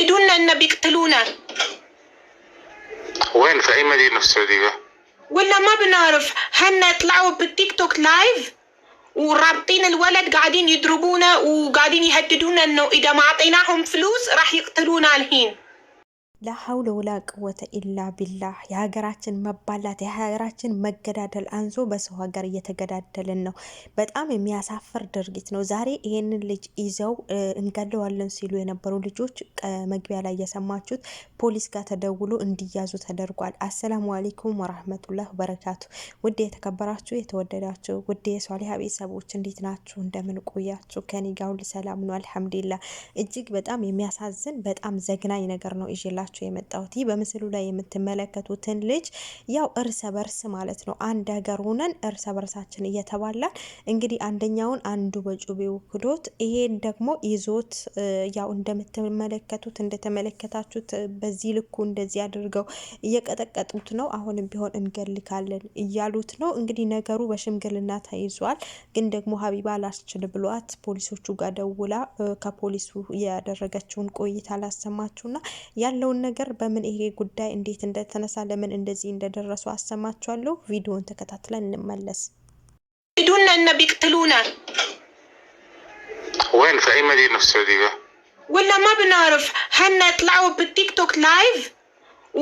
يجلدونا ان بيقتلونا وين في اي مدينه في السعوديه ولا ما بنعرف هن طلعوا بالتيك توك لايف ورابطين الولد قاعدين يضربونا وقاعدين يهددونا انه اذا ما اعطيناهم فلوس راح يقتلونا الحين ላሀውለ ወላ ቅወተ ኢላ ቢላህ የሀገራችን መባላት የሀገራችን መገዳደል አንሶ በሰው ሀገር እየተገዳደልን ነው። በጣም የሚያሳፍር ድርጊት ነው። ዛሬ ይህንን ልጅ ይዘው እንገለዋለን ሲሉ የነበሩ ልጆች መግቢያ ላይ የሰማችሁት ፖሊስ ጋር ተደውሎ እንዲያዙ ተደርጓል። አሰላሙ አሌይኩም ወራህመቱላህ በረካቱ። ውድ የተከበራችሁ የተወደዳችሁ ውድ የሷሊሀ ቤተሰቦች እንዴት ናችሁ? እንደምን ቆያችሁ? ከኔ ጋር ሁሉ ሰላም ነው አልሐምዱሊላህ። እጅግ በጣም የሚያሳዝን በጣም ዘግናኝ ነገር ነው ይላችሁ ይዤላችሁ የመጣሁት ይህ በምስሉ ላይ የምትመለከቱትን ልጅ ያው እርሰ በርስ ማለት ነው አንድ ሀገር ሆነን እርሰ በርሳችን እየተባላን እንግዲህ አንደኛውን አንዱ በጩቤው ክዶት ይሄን ደግሞ ይዞት ያው እንደምትመለከቱት እንደተመለከታችሁት በዚህ ልኩ እንደዚህ አድርገው እየቀጠቀጡት ነው። አሁንም ቢሆን እንገልካለን እያሉት ነው። እንግዲህ ነገሩ በሽምግልና ተይዟል። ግን ደግሞ ሀቢባ አላስችል ብሏት ፖሊሶቹ ጋር ደውላ ከፖሊሱ ያደረገችውን ቆይታ አላሰማችሁና ያለውን ነገር በምን ይሄ ጉዳይ እንዴት እንደተነሳ ለምን እንደዚህ እንደደረሱ አሰማችኋለሁ። ቪዲዮውን ተከታትለን እንመለስ። ሂዱና بيقتلونا وين في اي مدينه في السعوديه ولا ما بنعرف هن طلعوا بالتيك توك لايف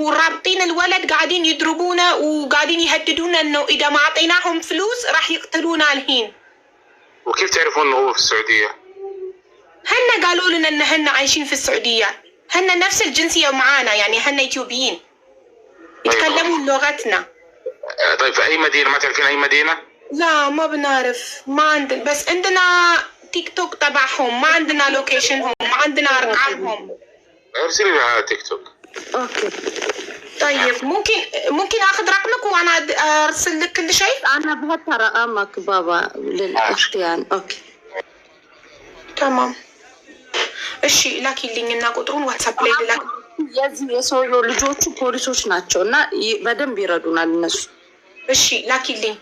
ورابطين الولد قاعدين يضربونا وقاعدين يهددونا انه اذا ما اعطيناهم فلوس راح يقتلونا الحين وكيف تعرفون انه هو في السعوديه هن قالوا لنا ان هن عايشين في السعوديه هن نفس الجنسية معانا يعني هن اثيوبيين يتكلموا طيب. لغتنا آه، طيب في اي مدينة ما تعرفين اي مدينة؟ لا ما بنعرف ما عندنا بس عندنا تيك توك تبعهم ما عندنا لوكيشنهم ما عندنا ارقامهم ارسلي لي على تيك توك اوكي طيب ممكن ممكن اخذ رقمك وانا ارسل لك كل شيء انا بهتر امك بابا للاخت اوكي تمام እሺ ላኪልኝ እና ቁጥሩን ዋትሳፕ ላይ ላ የዚህ የሰውየው ልጆቹ ፖሊሶች ናቸው እና በደንብ ይረዱናል እነሱ። እሺ ላኪልኝ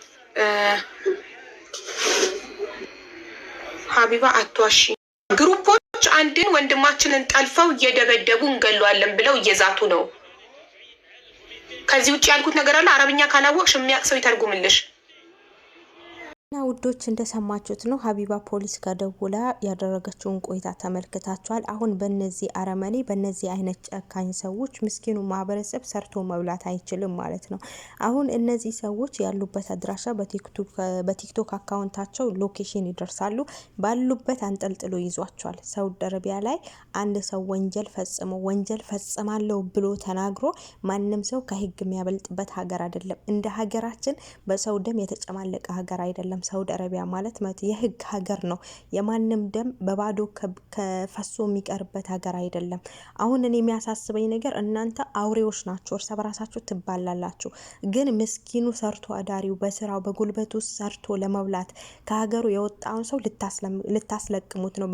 ሀቢባ አቷሺ ግሩፖች አንድን ወንድማችንን ጠልፈው እየደበደቡ እንገሏለን ብለው እየዛቱ ነው። ከዚህ ውጭ ያልኩት ነገር አለ። አረብኛ ካላወቅሽ የሚያውቅ ሰው ይተርጉምልሽ። እና ውዶች እንደሰማችሁት ነው ሀቢባ ፖሊስ ጋር ደውላ ያደረገችውን ቆይታ ተመልክታችኋል። አሁን በነዚህ አረመኔ በነዚህ አይነት ጨካኝ ሰዎች ምስኪኑ ማህበረሰብ ሰርቶ መብላት አይችልም ማለት ነው። አሁን እነዚህ ሰዎች ያሉበት አድራሻ በቲክቶክ አካውንታቸው ሎኬሽን ይደርሳሉ። ባሉበት አንጠልጥሎ ይዟቸዋል። ሳውዲ አረቢያ ላይ አንድ ሰው ወንጀል ፈጽሞ ወንጀል ፈጽማለሁ ብሎ ተናግሮ ማንም ሰው ከህግ የሚያበልጥበት ሀገር አይደለም። እንደ ሀገራችን በሰው ደም የተጨማለቀ ሀገር አይደለም። አይደለም ሳውዲ አረቢያ ማለት ማለት የህግ ሀገር ነው። የማንም ደም በባዶ ከፈሶ የሚቀርበት ሀገር አይደለም። አሁን እኔ የሚያሳስበኝ ነገር እናንተ አውሬዎች ናቸው፣ እርሰ በራሳችሁ ትባላላችሁ። ግን ምስኪኑ ሰርቶ አዳሪው በስራው በጉልበቱ ሰርቶ ለመብላት ከሀገሩ የወጣውን ሰው ልታስለቅሙት ነው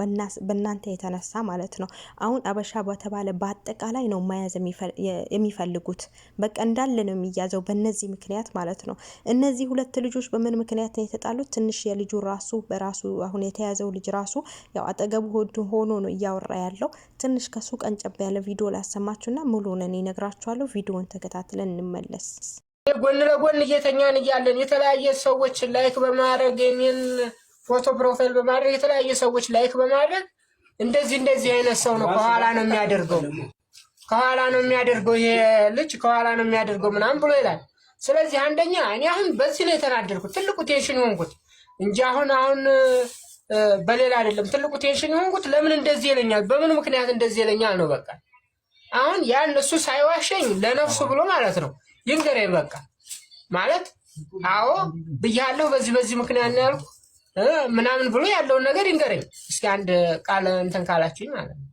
በእናንተ የተነሳ ማለት ነው። አሁን አበሻ በተባለ በአጠቃላይ ነው መያዝ የሚፈልጉት። በቃ እንዳለ ነው የሚያዘው በእነዚህ ምክንያት ማለት ነው። እነዚህ ሁለት ልጆች በምን ምክንያት ነው የተጣ የሚጣሉት ትንሽ የልጁ ራሱ በራሱ አሁን የተያዘው ልጅ ራሱ ያው አጠገቡ ሆኖ ነው እያወራ ያለው። ትንሽ ከሱ ቀንጨብ ያለ ቪዲዮ ላሰማችሁና ሙሉውን እኔ እነግራችኋለሁ። ቪዲዮውን ተከታትለን እንመለስ። ጎን ለጎን እየተኛን እያለን የተለያየ ሰዎች ላይክ በማድረግ የኔን ፎቶ ፕሮፋይል በማድረግ የተለያየ ሰዎች ላይክ በማድረግ እንደዚህ እንደዚህ አይነት ሰው ነው ከኋላ ነው የሚያደርገው ከኋላ ነው የሚያደርገው ይሄ ልጅ ከኋላ ነው የሚያደርገው ምናምን ብሎ ይላል። ስለዚህ አንደኛ እኔ አሁን በዚህ ነው የተናደድኩት፣ ትልቁ ቴንሽን የሆንኩት እንጂ አሁን አሁን በሌላ አይደለም። ትልቁ ቴንሽን የሆንኩት ለምን እንደዚህ ይለኛል፣ በምን ምክንያት እንደዚህ ይለኛል ነው በቃ። አሁን ያን እሱ ሳይዋሸኝ ለነፍሱ ብሎ ማለት ነው ይንገረኝ በቃ ማለት አዎ ብያለሁ፣ በዚህ በዚህ ምክንያት ነው ያልኩ ምናምን ብሎ ያለውን ነገር ይንገረኝ። እስኪ አንድ ቃል እንትን ካላችሁኝ ማለት ነው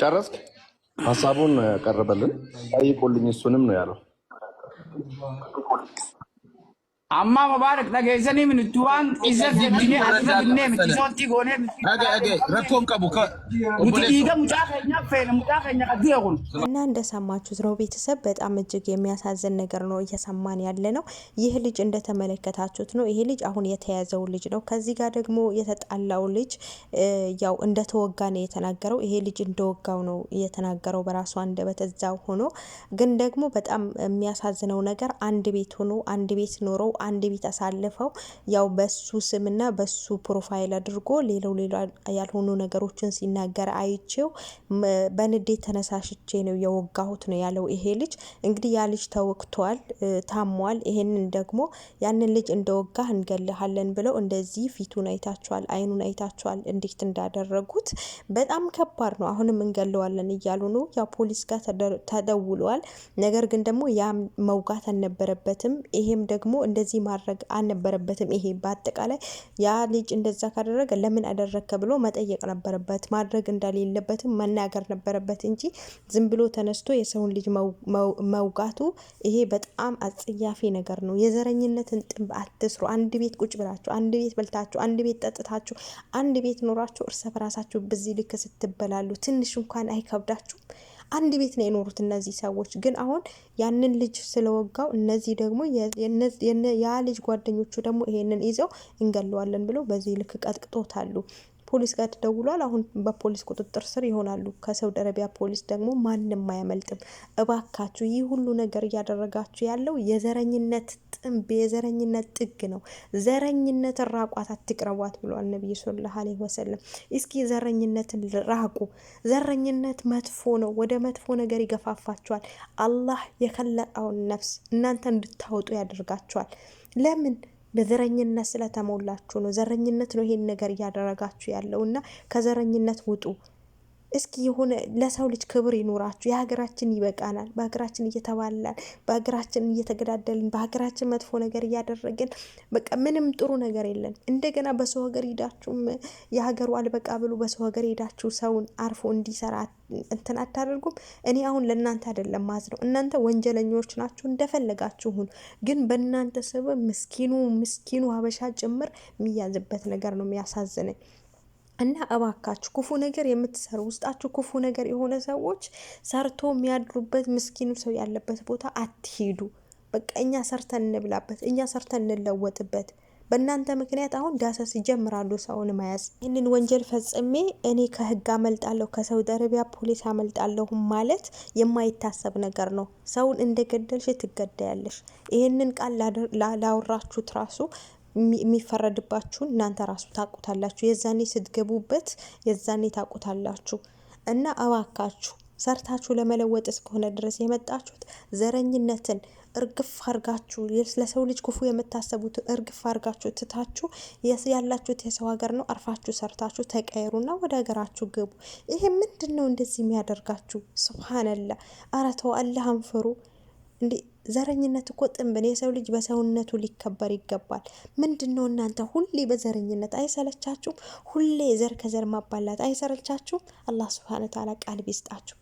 ጨረስክ? ሀሳቡን ያቀረበልን ጠይቁልኝ እሱንም ነው ያለው። አማ መባረክ ነገይሰኒ ምን ቱዋን ኢዘት ጀብኒ አዘብኔ ምትሶንቲ ጎኔ አገ አገ ረኮም ቀቡ ሙትዲገ ሙጫፈኛ ፈለ ሙጫፈኛ ቀዲሁን እና እንደሰማችሁት ነው ቤተሰብ። በጣም እጅግ የሚያሳዝን ነገር ነው እየሰማን ያለ ነው። ይህ ልጅ እንደተመለከታችሁት ነው። ይሄ ልጅ አሁን የተያዘው ልጅ ነው። ከዚህ ጋር ደግሞ የተጣላው ልጅ ያው እንደተወጋ ነው የተናገረው። ይሄ ልጅ እንደወጋው ነው የተናገረው በራሱ አንደበት እዛው ሆኖ። ግን ደግሞ በጣም የሚያሳዝነው ነገር አንድ ቤት ሆኖ አንድ ቤት ኖረው አንድ ቤት አሳልፈው ያው በሱ ስምና በሱ ፕሮፋይል አድርጎ ሌላው ሌላ ያልሆኑ ነገሮችን ሲናገር አይቼው በንዴት ተነሳሽቼ ነው የወጋሁት ነው ያለው ይሄ ልጅ። እንግዲህ ያ ልጅ ተወግቷል፣ ታሟል። ይሄንን ደግሞ ያንን ልጅ እንደወጋ እንገልሃለን ብለው እንደዚህ ፊቱን አይታችኋል፣ አይኑን አይታችኋል እንዴት እንዳደረጉት በጣም ከባድ ነው። አሁንም እንገለዋለን እያሉ ነው። ያ ፖሊስ ጋር ተደውለዋል። ነገር ግን ደግሞ ያ መውጋት አልነበረበትም። ይሄም ደግሞ እንደዚህ እንደዚህ ማድረግ አልነበረበትም። ይሄ በአጠቃላይ ያ ልጅ እንደዛ ካደረገ ለምን አደረግከ ብሎ መጠየቅ ነበረበት። ማድረግ እንደሌለበትም መናገር ነበረበት እንጂ ዝም ብሎ ተነስቶ የሰውን ልጅ መውጋቱ ይሄ በጣም አጸያፊ ነገር ነው። የዘረኝነትን ጥንብ አትስሩ። አንድ ቤት ቁጭ ብላችሁ፣ አንድ ቤት በልታችሁ፣ አንድ ቤት ጠጥታችሁ፣ አንድ ቤት ኖራችሁ እርስ በራሳችሁ በዚህ ልክ ስትበላሉ ትንሽ እንኳን አይከብዳችሁም? አንድ ቤት ነው የኖሩት እነዚህ ሰዎች። ግን አሁን ያንን ልጅ ስለወጋው እነዚህ ደግሞ ያ ልጅ ጓደኞቹ ደግሞ ይሄንን ይዘው እንገለዋለን ብለው በዚህ ልክ ቀጥቅጦታሉ። ፖሊስ ጋር ተደውሏል። አሁን በፖሊስ ቁጥጥር ስር ይሆናሉ። ከሳውዲ አረቢያ ፖሊስ ደግሞ ማንም አያመልጥም። እባካችሁ ይህ ሁሉ ነገር እያደረጋችሁ ያለው የዘረኝነት ጥንብ የዘረኝነት ጥግ ነው። ዘረኝነትን ራቋት፣ አትቅረቧት ብሏል ነቢይ ሰለላሁ ዐለይሂ ወሰለም። እስኪ ዘረኝነትን ራቁ። ዘረኝነት መጥፎ ነው። ወደ መጥፎ ነገር ይገፋፋችኋል። አላህ የከለቀውን ነፍስ እናንተ እንድታወጡ ያደርጋችኋል። ለምን በዘረኝነት ስለተሞላችሁ ነው። ዘረኝነት ነው ይሄን ነገር እያደረጋችሁ ያለው እና ከዘረኝነት ውጡ። እስኪ የሆነ ለሰው ልጅ ክብር ይኖራችሁ የሀገራችን ይበቃናል። በሀገራችን እየተባላን፣ በሀገራችን እየተገዳደልን፣ በሀገራችን መጥፎ ነገር እያደረግን በቃ ምንም ጥሩ ነገር የለን። እንደገና በሰው ሀገር ሄዳችሁም የሀገሩ አልበቃ ብሎ በሰው ሀገር ሄዳችሁ ሰውን አርፎ እንዲሰራ እንትን አታደርጉም። እኔ አሁን ለእናንተ አይደለም ማዝ ነው። እናንተ ወንጀለኞች ናችሁ፣ ሁኑ። ግን በእናንተ ስብ ምስኪኑ ምስኪኑ ሀበሻ ጭምር የሚያዝበት ነገር ነው የሚያሳዝነኝ። እና እባካችሁ ክፉ ነገር የምትሰሩ ውስጣችሁ ክፉ ነገር የሆነ ሰዎች ሰርቶ የሚያድሩበት ምስኪኑ ሰው ያለበት ቦታ አትሄዱ። በቃ እኛ ሰርተን እንብላበት፣ እኛ ሰርተን እንለወጥበት። በእናንተ ምክንያት አሁን ዳሰስ ይጀምራሉ ሰውን መያዝ። ይህንን ወንጀል ፈጽሜ እኔ ከህግ አመልጣለሁ፣ ከሳውዲ አረቢያ ፖሊስ አመልጣለሁ ማለት የማይታሰብ ነገር ነው። ሰውን እንደገደልሽ ትገደያለሽ። ይህንን ቃል ላወራችሁት ራሱ የሚፈረድባችሁ እናንተ ራሱ ታቁታላችሁ። የዛኔ ስትገቡበት የዛኔ ታቁታላችሁ። እና እባካችሁ ሰርታችሁ ለመለወጥ እስከሆነ ድረስ የመጣችሁት ዘረኝነትን እርግፍ አርጋችሁ ለሰው ልጅ ክፉ የምታሰቡት እርግፍ አርጋችሁ ትታችሁ ያላችሁት የሰው ሀገር ነው። አርፋችሁ ሰርታችሁ ተቀየሩና ወደ ሀገራችሁ ግቡ። ይሄ ምንድን ነው እንደዚህ የሚያደርጋችሁ? ስብሓንላ አረተው አላህን ፍሩ እንዴ! ዘረኝነት እኮ ጥንብን የሰው ልጅ በሰውነቱ ሊከበር ይገባል። ምንድን ነው እናንተ ሁሌ በዘረኝነት አይሰለቻችሁም? ሁሌ ዘር ከዘር ማባላት አይሰለቻችሁም? አላህ ስብሃነ ተዓላ ቃል ቢስጣችሁ።